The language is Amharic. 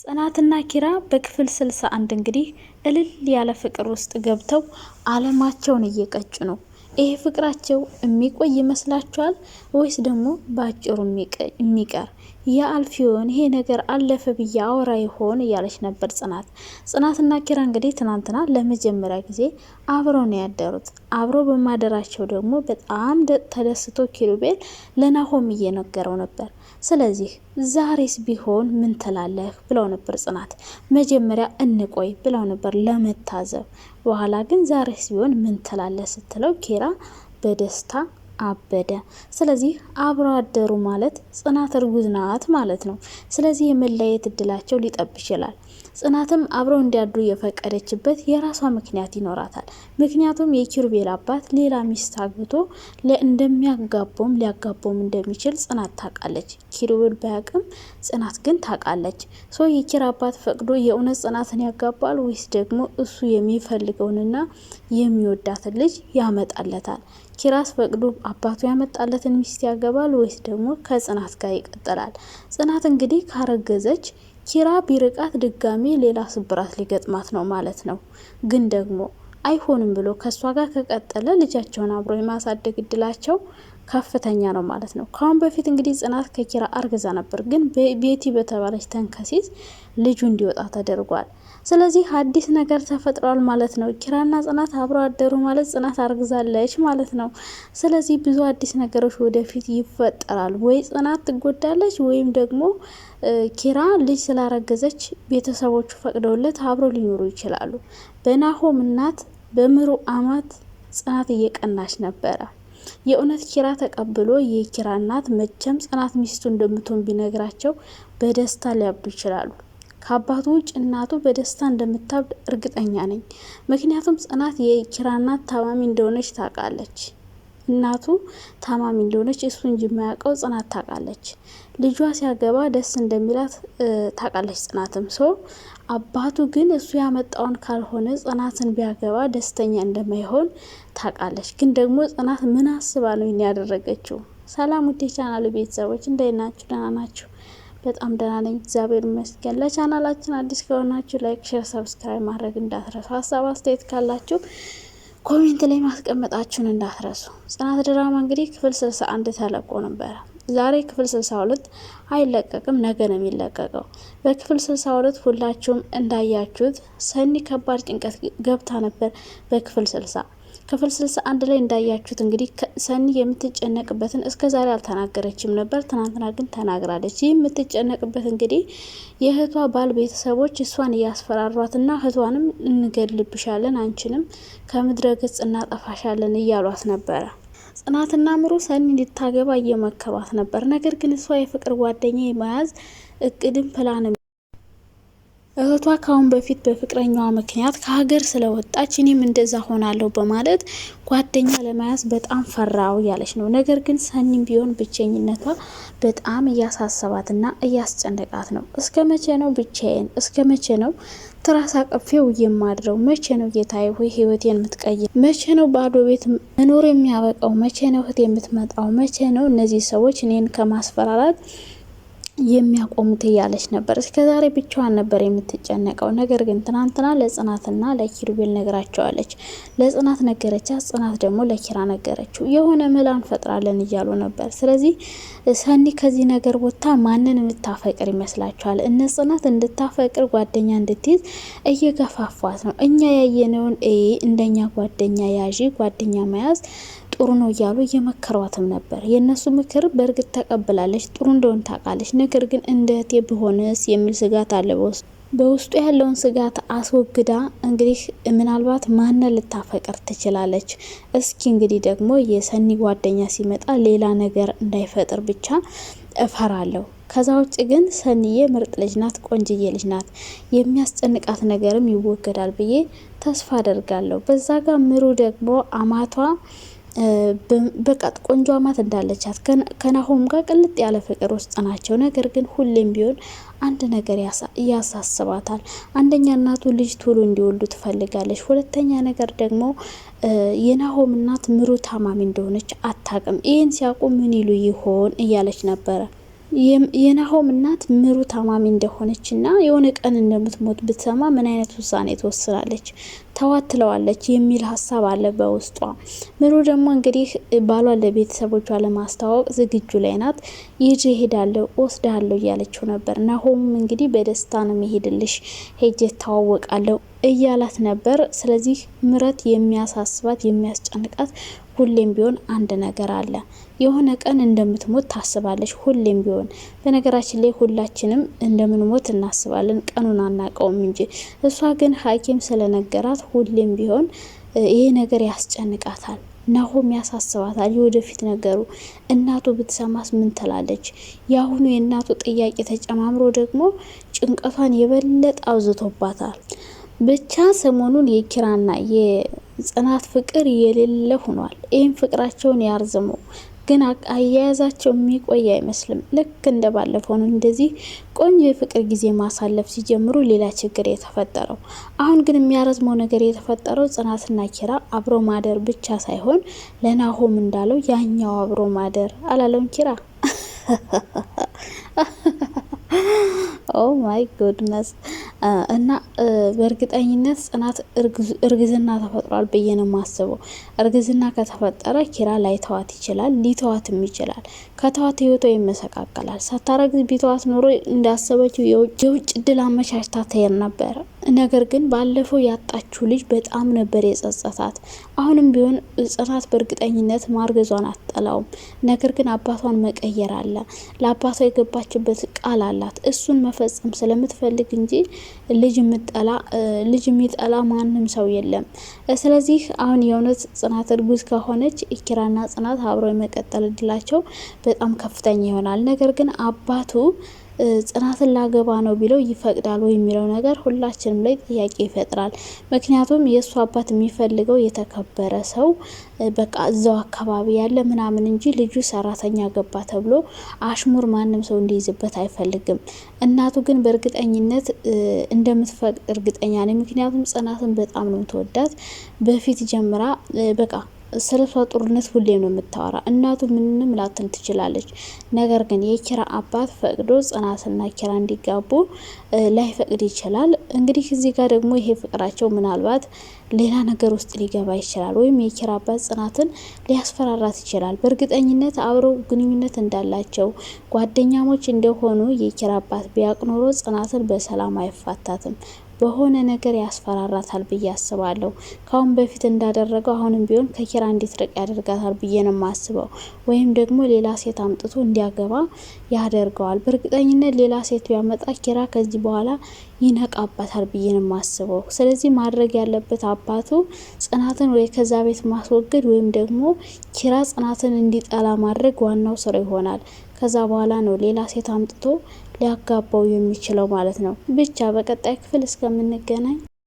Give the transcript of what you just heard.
ጽናትና ኪራ በክፍል ስልሳ አንድ እንግዲህ እልል ያለ ፍቅር ውስጥ ገብተው አለማቸውን እየቀጩ ነው። ይሄ ፍቅራቸው የሚቆይ ይመስላችኋል ወይስ ደግሞ በአጭሩ የሚቀር የአልፊዮን ይሄ ነገር አለፈ ብዬ አወራ ይሆን እያለች ነበር ጽናት። ጽናትና ኪራ እንግዲህ ትናንትና ለመጀመሪያ ጊዜ አብረው ነው ያደሩት። አብረው በማደራቸው ደግሞ በጣም ተደስቶ ኪሩቤል ለናሆም እየነገረው ነበር። ስለዚህ ዛሬስ ቢሆን ምን ትላለህ ብለው ነበር ጽናት። መጀመሪያ እንቆይ ብለው ነበር ለመታዘብ። በኋላ ግን ዛሬስ ቢሆን ምን ትላለህ ስትለው ኬራ በደስታ አበደ። ስለዚህ አብሮ አደሩ ማለት ጽናት እርጉዝ ናት ማለት ነው። ስለዚህ የመለየት እድላቸው ሊጠብ ይችላል። ጽናትም አብረው እንዲያድሩ የፈቀደችበት የራሷ ምክንያት ይኖራታል። ምክንያቱም የኪሩቤል አባት ሌላ ሚስት አግብቶ እንደሚያጋቦም ሊያጋቦም እንደሚችል ጽናት ታውቃለች። ኪሩቤል ባያውቅም ጽናት ግን ታውቃለች። ሶ የኪር አባት ፈቅዶ የእውነት ጽናትን ያጋባል ወይስ ደግሞ እሱ የሚፈልገውንና የሚወዳትን ልጅ ያመጣለታል? ኪራስ ፈቅዶ አባቱ ያመጣለትን ሚስት ያገባል ወይስ ደግሞ ከጽናት ጋር ይቀጥላል? ጽናት እንግዲህ ካረገዘች ኪራ ቢርቃት ድጋሜ ሌላ ስብራት ሊገጥማት ነው ማለት ነው። ግን ደግሞ አይሆንም ብሎ ከእሷ ጋር ከቀጠለ ልጃቸውን አብሮ የማሳደግ እድላቸው ከፍተኛ ነው ማለት ነው። ከአሁን በፊት እንግዲህ ጽናት ከኪራ አርግዛ ነበር፣ ግን ቤቲ በተባለች ተንከሲስ ልጁ እንዲወጣ ተደርጓል። ስለዚህ አዲስ ነገር ተፈጥሯል ማለት ነው። ኪራና ጽናት አብረው አደሩ ማለት ጽናት አርግዛለች ማለት ነው። ስለዚህ ብዙ አዲስ ነገሮች ወደፊት ይፈጠራል። ወይ ጽናት ትጎዳለች ወይም ደግሞ ኪራ ልጅ ስላረገዘች ቤተሰቦቹ ፈቅደውለት አብረው ሊኖሩ ይችላሉ። በናሆም እናት በምሩ አማት ጽናት እየቀናች ነበረ። የእውነት ኪራ ተቀብሎ የኪራ እናት መቼም ጽናት ሚስቱ እንደምትሆን ቢነግራቸው በደስታ ሊያብዱ ይችላሉ። ከአባቱ ውጭ እናቱ በደስታ እንደምታብድ እርግጠኛ ነኝ። ምክንያቱም ጽናት የኪራ እናት ታማሚ እንደሆነች ታውቃለች። እናቱ ታማሚ እንደሆነች እሱ እንጂ የማያውቀው ጽናት ታውቃለች። ልጇ ሲያገባ ደስ እንደሚላት ታውቃለች። ጽናትም ሰው አባቱ ግን እሱ ያመጣውን ካልሆነ ጽናትን ቢያገባ ደስተኛ እንደማይሆን ታውቃለች። ግን ደግሞ ጽናት ምን አስባ ነው ያደረገችው? ሰላም ውዴ ቻናሉ ቤተሰቦች እንደናችሁ፣ ደህና ናችሁ? በጣም ደህና ነኝ፣ እግዚአብሔር ይመስገን። ለቻናላችን አዲስ ከሆናችሁ ላይክ፣ ሼር፣ ሰብስክራይብ ማድረግ እንዳትረሱ። ሀሳብ አስተያየት ካላችሁ ኮሜንት ላይ ማስቀመጣችሁን እንዳትረሱ። ጽናት ድራማ እንግዲህ ክፍል ስልሳ አንድ ተለቆ ነበረ። ዛሬ ክፍል ሁለት አይለቀቅም፣ ነገ ነው የሚለቀቀው። በክፍል ሁለት ሁላችሁም እንዳያችሁት ሰኒ ከባድ ጭንቀት ገብታ ነበር። በክፍል 60 ክፍል ስልሳ አንድ ላይ እንዳያችሁት እንግዲህ ሰኒ የምትጨነቅበትን እስከ ዛሬ አልተናገረችም ነበር። ትናንትና ግን ተናግራለች። ይህ የምትጨነቅበት እንግዲህ የእህቷ ባል ቤተሰቦች እሷን እያስፈራሯትና እህቷንም እንገልብሻለን፣ አንቺንም ከምድረ ገጽ እናጠፋሻለን እያሏት ነበረ። ጽናትና ምሩ ሰኒ እንድታገባ እየመከሯት ነበር። ነገር ግን እሷ የፍቅር ጓደኛ የመያዝ እቅድም ፕላንም እህቷ ካሁን በፊት በፍቅረኛዋ ምክንያት ከሀገር ስለወጣች እኔም እንደዛ ሆናለሁ በማለት ጓደኛ ለመያዝ በጣም ፈራው እያለች ነው። ነገር ግን ሰኒም ቢሆን ብቸኝነቷ በጣም እያሳሰባትና እያስጨነቃት ነው። እስከ መቼ ነው ብቻዬን? እስከ መቼ ነው ትራስ አቅፌው የማድረው? መቼ ነው ጌታዬ ሆይ ህይወቴን የምትቀይር? መቼ ነው ባዶ ቤት መኖር የሚያበቃው? መቼ ነው እህት የምትመጣው? መቼ ነው እነዚህ ሰዎች እኔን ከማስፈራራት የሚያቆሙት እያለች ነበር። ዛሬ ብቻዋን ነበር የምትጨነቀው። ነገር ግን ትናንትና ለጽናትና ለኪሩቤል ነግራቸዋለች። ለጽናት ነገረቻት፣ ጽናት ደግሞ ለኪራ ነገረችው። የሆነ መላን እንፈጥራለን እያሉ ነበር። ስለዚህ ሰኒ ከዚህ ነገር ቦታ ማንን እንድታፈቅር ይመስላችኋል? እነ ጽናት እንድታፈቅር ጓደኛ እንድትይዝ እየገፋፏት ነው። እኛ ያየነውን እንደኛ ጓደኛ ያዢ ጓደኛ መያዝ ጥሩ ነው እያሉ እየመከሯትም ነበር። የእነሱ ምክር በእርግጥ ተቀብላለች፣ ጥሩ እንደሆን ታውቃለች። ነገር ግን እንደ እህቴ ብሆንስ የሚል ስጋት አለ በውስጡ በውስጡ ያለውን ስጋት አስወግዳ እንግዲህ ምናልባት ማንን ልታፈቅር ትችላለች። እስኪ እንግዲህ ደግሞ የሰኒ ጓደኛ ሲመጣ ሌላ ነገር እንዳይፈጥር ብቻ እፈራለሁ። ከዛ ውጭ ግን ሰኒዬ ምርጥ ልጅ ናት፣ ቆንጅዬ ልጅ ናት። የሚያስጨንቃት ነገርም ይወገዳል ብዬ ተስፋ አደርጋለሁ። በዛ ጋር ምሩ ደግሞ አማቷ በቃ ቆንጆ አማት እንዳለቻት ከናሆም ጋር ቅልጥ ያለ ፍቅር ውስጥ ናቸው። ነገር ግን ሁሌም ቢሆን አንድ ነገር ያሳስባታል። አንደኛ እናቱ ልጅ ቶሎ እንዲወልዱ ትፈልጋለች። ሁለተኛ ነገር ደግሞ የናሆም እናት ምሩ ታማሚ እንደሆነች አታቅም። ይህን ሲያውቁ ምን ይሉ ይሆን እያለች ነበረ። የናሆም እናት ምሩ ታማሚ እንደሆነች እና የሆነ ቀን እንደምትሞት ብትሰማ ምን አይነት ውሳኔ ትወስናለች? ተዋትለዋለች የሚል ሀሳብ አለ በውስጧ። ምሩ ደግሞ እንግዲህ ባሏን ለቤተሰቦቿ ለማስተዋወቅ ዝግጁ ላይ ናት። ይጅ ሄዳለሁ ወስዳለሁ እያለችው ነበር። ናሆምም እንግዲህ በደስታ ነው የሚሄድልሽ ሄጅ እተዋወቃለሁ እያላት ነበር። ስለዚህ ምረት የሚያሳስባት የሚያስጨንቃት ሁሌም ቢሆን አንድ ነገር አለ። የሆነ ቀን እንደምትሞት ታስባለች፣ ሁሌም ቢሆን በነገራችን ላይ ሁላችንም እንደምንሞት እናስባለን፣ ቀኑን አናቀውም እንጂ። እሷ ግን ሐኪም ስለነገራት ሁሌም ቢሆን ይሄ ነገር ያስጨንቃታል። ናሆም ያሳስባታል። የወደፊት ነገሩ እናቱ ብትሰማስ ምን ትላለች? የአሁኑ የእናቱ ጥያቄ ተጨማምሮ ደግሞ ጭንቀቷን የበለጠ አብዝቶባታል። ብቻ ሰሞኑን የኪራና ጽናት ፍቅር የሌለ ሆኗል። ይህም ፍቅራቸውን ያርዝሙ። ግን አያያዛቸው የሚቆይ አይመስልም። ልክ እንደ ባለፈው ነው። እንደዚህ ቆንጆ የፍቅር ጊዜ ማሳለፍ ሲጀምሩ ሌላ ችግር የተፈጠረው። አሁን ግን የሚያረዝመው ነገር የተፈጠረው ጽናትና ኪራ አብሮ ማደር ብቻ ሳይሆን ለናሆም እንዳለው ያኛው አብሮ ማደር አላለውም ኪራ ኦ ማይ ጎድነስ እና uh, በእርግጠኝነት ጽናት እርግዝና ተፈጥሯል ብዬ ነው የማስበው። እርግዝና ከተፈጠረ ኪራ ተዋት ይችላል፣ ሊተዋትም ይችላል። ከተዋት ህይወቷ ይመሰቃቀላል። ሳታረግዝ ቢተዋት ኖሮ እንዳሰበችው የውጭ እድል አመቻችታ ትሄድ ነበረ። ነገር ግን ባለፈው ያጣችው ልጅ በጣም ነበር የጸጸታት። አሁንም ቢሆን ጽናት በእርግጠኝነት ማርገዟን አትጠላውም። ነገር ግን አባቷን መቀየር አለ። ለአባቷ የገባችበት ቃል አላት። እሱን መፈጸም ስለምትፈልግ እንጂ ልጅ የምጠላ ልጅ የሚጠላ ማንም ሰው የለም። ስለዚህ አሁን የእውነት ጽናት እርጉዝ ከሆነች ኪራና ጽናት አብረው የመቀጠል እድላቸው በጣም ከፍተኛ ይሆናል። ነገር ግን አባቱ ጽናትን ላገባ ነው ቢለው ይፈቅዳል ወይ የሚለው ነገር ሁላችንም ላይ ጥያቄ ይፈጥራል። ምክንያቱም የእሱ አባት የሚፈልገው የተከበረ ሰው በቃ እዛው አካባቢ ያለ ምናምን እንጂ ልጁ ሰራተኛ ገባ ተብሎ አሽሙር ማንም ሰው እንዲይዝበት አይፈልግም። እናቱ ግን በእርግጠኝነት እንደምትፈቅድ እርግጠኛ ነኝ። ምክንያቱም ጽናትን በጣም ነው ተወዳት በፊት ጀምራ በቃ ስለሷ ጦርነት ሁሌም ነው የምታወራ። እናቱ ምንም ላትን ትችላለች። ነገር ግን የኪራ አባት ፈቅዶ ጽናትና ኪራ እንዲጋቡ ላይፈቅድ ይችላል። እንግዲህ እዚህ ጋር ደግሞ ይሄ ፍቅራቸው ምናልባት ሌላ ነገር ውስጥ ሊገባ ይችላል፣ ወይም የኪራ አባት ጽናትን ሊያስፈራራት ይችላል። በእርግጠኝነት አብረው ግንኙነት እንዳላቸው ጓደኛሞች እንደሆኑ የኪራ አባት ቢያቅኖሮ ጽናትን በሰላም አይፋታትም። በሆነ ነገር ያስፈራራታል ብዬ አስባለሁ። ካሁን በፊት እንዳደረገው አሁንም ቢሆን ከኪራ እንዲትርቅ ያደርጋታል ብዬ ነው የማስበው። ወይም ደግሞ ሌላ ሴት አምጥቶ እንዲያገባ ያደርገዋል። በእርግጠኝነት ሌላ ሴት ቢያመጣ ኪራ ከዚህ በኋላ ይነቃባታል ብዬ ነው የማስበው። ስለዚህ ማድረግ ያለበት አባቱ ጽናትን ወይ ከዛ ቤት ማስወገድ ወይም ደግሞ ኪራ ጽናትን እንዲጠላ ማድረግ ዋናው ስራ ይሆናል። ከዛ በኋላ ነው ሌላ ሴት አምጥቶ ሊያጋባው የሚችለው ማለት ነው። ብቻ በቀጣይ ክፍል እስከምንገናኝ